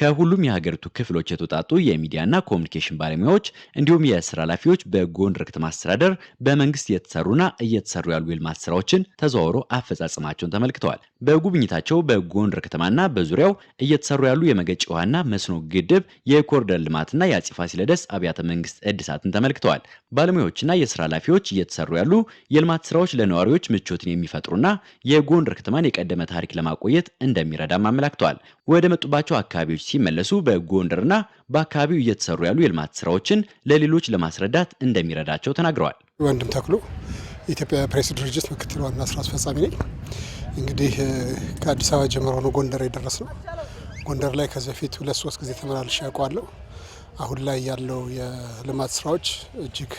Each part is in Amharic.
ከሁሉም የሀገሪቱ ክፍሎች የተውጣጡ የሚዲያና ኮሚኒኬሽን ባለሙያዎች እንዲሁም የስራ ኃላፊዎች በጎንደር ከተማ አስተዳደር በመንግስት እየተሰሩና እየተሰሩ ያሉ የልማት ስራዎችን ተዘዋውሮ አፈጻጸማቸውን ተመልክተዋል። በጉብኝታቸው በጎንደር ከተማና በዙሪያው እየተሰሩ ያሉ የመገጭ ውሃና መስኖ ግድብ፣ የኮሪደር ልማትና የአጼ ፋሲለደስ አብያተ መንግስት እድሳትን ተመልክተዋል። ባለሙያዎችና የስራ ኃላፊዎች እየተሰሩ ያሉ የልማት ስራዎች ለነዋሪዎች ምቾትን የሚፈጥሩና የጎንደር ከተማን የቀደመ ታሪክ ለማቆየት እንደሚረዳም አመላክተዋል። ወደ መጡባቸው አካባቢዎች ተማሪዎች ሲመለሱ በጎንደርና በአካባቢው እየተሰሩ ያሉ የልማት ስራዎችን ለሌሎች ለማስረዳት እንደሚረዳቸው ተናግረዋል። ወንድም ተክሎ የኢትዮጵያ ፕሬስ ድርጅት ምክትል ዋና ስራ አስፈጻሚ ነኝ። እንግዲህ ከአዲስ አበባ ጀምሮ ነው ጎንደር የደረስ ነው። ጎንደር ላይ ከዚህ በፊት ሁለት ሶስት ጊዜ ተመላልሼ ያውቀዋለሁ። አሁን ላይ ያለው የልማት ስራዎች እጅግ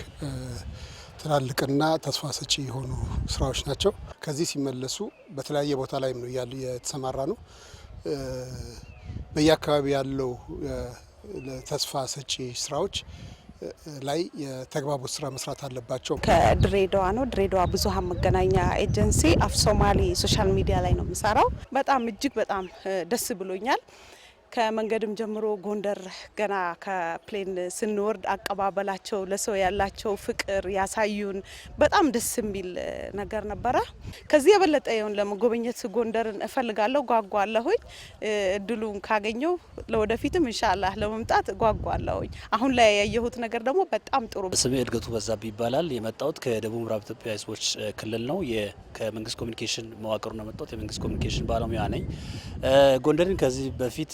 ትላልቅና ተስፋ ሰጪ የሆኑ ስራዎች ናቸው። ከዚህ ሲመለሱ በተለያየ ቦታ ላይም ነው እያሉ የተሰማራ ነው። በየአካባቢ ያለው ተስፋ ሰጪ ስራዎች ላይ የተግባቦት ስራ መስራት አለባቸው። ከድሬዳዋ ነው። ድሬዳዋ ብዙሃን መገናኛ ኤጀንሲ አፍሶማሌ ሶሻል ሚዲያ ላይ ነው የምሰራው። በጣም እጅግ በጣም ደስ ብሎኛል። ከመንገድም ጀምሮ ጎንደር ገና ከፕሌን ስንወርድ አቀባበላቸው ለሰው ያላቸው ፍቅር ያሳዩን በጣም ደስ የሚል ነገር ነበረ። ከዚህ የበለጠ የሆን ለመጎብኘት ጎንደርን እፈልጋለሁ፣ ጓጓለሁኝ። እድሉን ካገኘው ለወደፊትም እንሻላህ ለመምጣት ጓጓለሁኝ። አሁን ላይ ያየሁት ነገር ደግሞ በጣም ጥሩ። ስሜ እድገቱ በዛብ ይባላል። የመጣሁት ከደቡብ ምዕራብ ኢትዮጵያ ህዝቦች ክልል ነው። ከመንግስት ኮሚኒኬሽን መዋቅሩ ነው መጣሁት። የመንግስት ኮሚኒኬሽን ባለሙያ ነኝ። ጎንደርን ከዚህ በፊት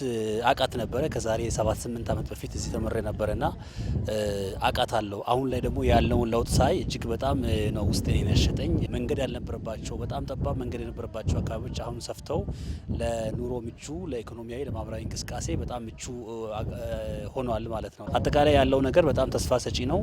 አቃት ነበረ። ከዛሬ 78 ዓመት በፊት እዚህ ተመሬ ነበረና አቃት አለው። አሁን ላይ ደግሞ ያለውን ለውጥ ሳይ እጅግ በጣም ነው ውስጤን የነሸጠኝ። መንገድ ያልነበረባቸው በጣም ጠባብ መንገድ የነበረባቸው አካባቢዎች አሁን ሰፍተው ለኑሮ ምቹ፣ ለኢኮኖሚያዊ፣ ለማህበራዊ እንቅስቃሴ በጣም ምቹ ሆኗል ማለት ነው። አጠቃላይ ያለው ነገር በጣም ተስፋ ሰጪ ነው።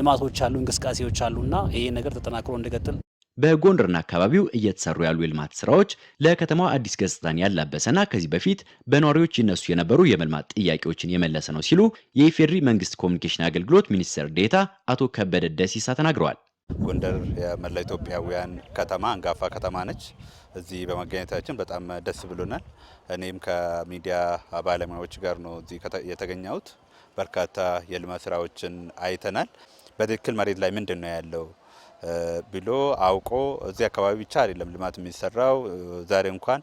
ልማቶች አሉ፣ እንቅስቃሴዎች አሉና ይሄ ነገር ተጠናክሮ እንደቀጥል በጎንደርና አካባቢው እየተሰሩ ያሉ የልማት ስራዎች ለከተማዋ አዲስ ገጽታን ያላበሰና ከዚህ በፊት በነዋሪዎች ይነሱ የነበሩ የመልማት ጥያቄዎችን የመለሰ ነው ሲሉ የኢፌዴሪ መንግስት ኮሚኒኬሽን አገልግሎት ሚኒስትር ዴታ አቶ ከበደ ደሲሳ ተናግረዋል። ጎንደር የመላ ኢትዮጵያውያን ከተማ አንጋፋ ከተማ ነች። እዚህ በመገኘታችን በጣም ደስ ብሎናል። እኔም ከሚዲያ ባለሙያዎች ጋር ነው እዚህ የተገኘሁት። በርካታ የልማት ስራዎችን አይተናል። በትክክል መሬት ላይ ምንድን ነው ያለው ብሎ አውቆ እዚህ አካባቢ ብቻ አይደለም ልማት የሚሰራው። ዛሬ እንኳን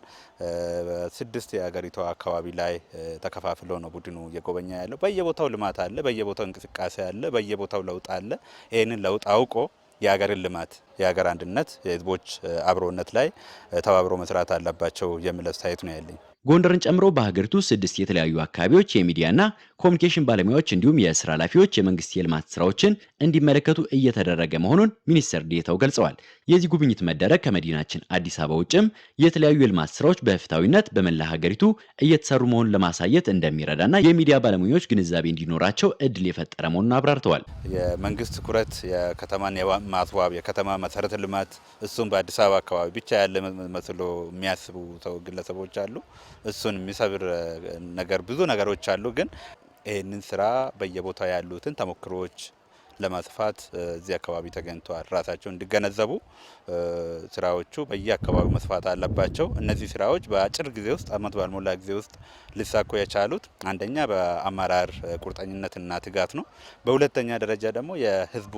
ስድስት የሀገሪቷ አካባቢ ላይ ተከፋፍሎ ነው ቡድኑ እየጎበኛ ያለው። በየቦታው ልማት አለ፣ በየቦታው እንቅስቃሴ አለ፣ በየቦታው ለውጥ አለ። ይህንን ለውጥ አውቆ የሀገርን ልማት የሀገር አንድነት፣ የህዝቦች አብሮነት ላይ ተባብሮ መስራት አለባቸው የሚል አስተያየት ነው ያለኝ። ጎንደርን ጨምሮ በሀገሪቱ ስድስት የተለያዩ አካባቢዎች የሚዲያና ኮሚኒኬሽን ባለሙያዎች እንዲሁም የስራ ኃላፊዎች የመንግስት የልማት ስራዎችን እንዲመለከቱ እየተደረገ መሆኑን ሚኒስትር ዴታው ገልጸዋል። የዚህ ጉብኝት መደረግ ከመዲናችን አዲስ አበባ ውጭም የተለያዩ የልማት ስራዎች በፍታዊነት በመላ ሀገሪቱ እየተሰሩ መሆኑን ለማሳየት እንደሚረዳና የሚዲያ ባለሙያዎች ግንዛቤ እንዲኖራቸው እድል የፈጠረ መሆኑን አብራርተዋል። የመንግስት ትኩረት የከተማን ማስዋብ፣ የከተማ መሰረተ ልማት እሱም በአዲስ አበባ አካባቢ ብቻ ያለ መስሎ የሚያስቡ ግለሰቦች አሉ። እሱን የሚሰብር ነገር ብዙ ነገሮች አሉ። ግን ይህንን ስራ በየቦታው ያሉትን ተሞክሮዎች ለማስፋት እዚህ አካባቢ ተገኝተዋል። ራሳቸውን እንዲገነዘቡ ስራዎቹ በየአካባቢው መስፋት አለባቸው። እነዚህ ስራዎች በአጭር ጊዜ ውስጥ አመት ባልሞላ ጊዜ ውስጥ ሊሳኩ የቻሉት አንደኛ በአመራር ቁርጠኝነትና ትጋት ነው። በሁለተኛ ደረጃ ደግሞ የህዝቡ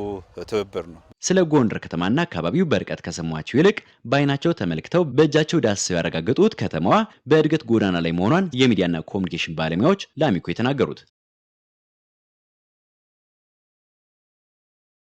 ትብብር ነው። ስለ ጎንደር ከተማና አካባቢው በርቀት ከሰሟቸው ይልቅ በአይናቸው ተመልክተው በእጃቸው ዳስሰው ያረጋገጡት ከተማዋ በእድገት ጎዳና ላይ መሆኗን የሚዲያና ኮሚኒኬሽን ባለሙያዎች ለአሚኮ የተናገሩት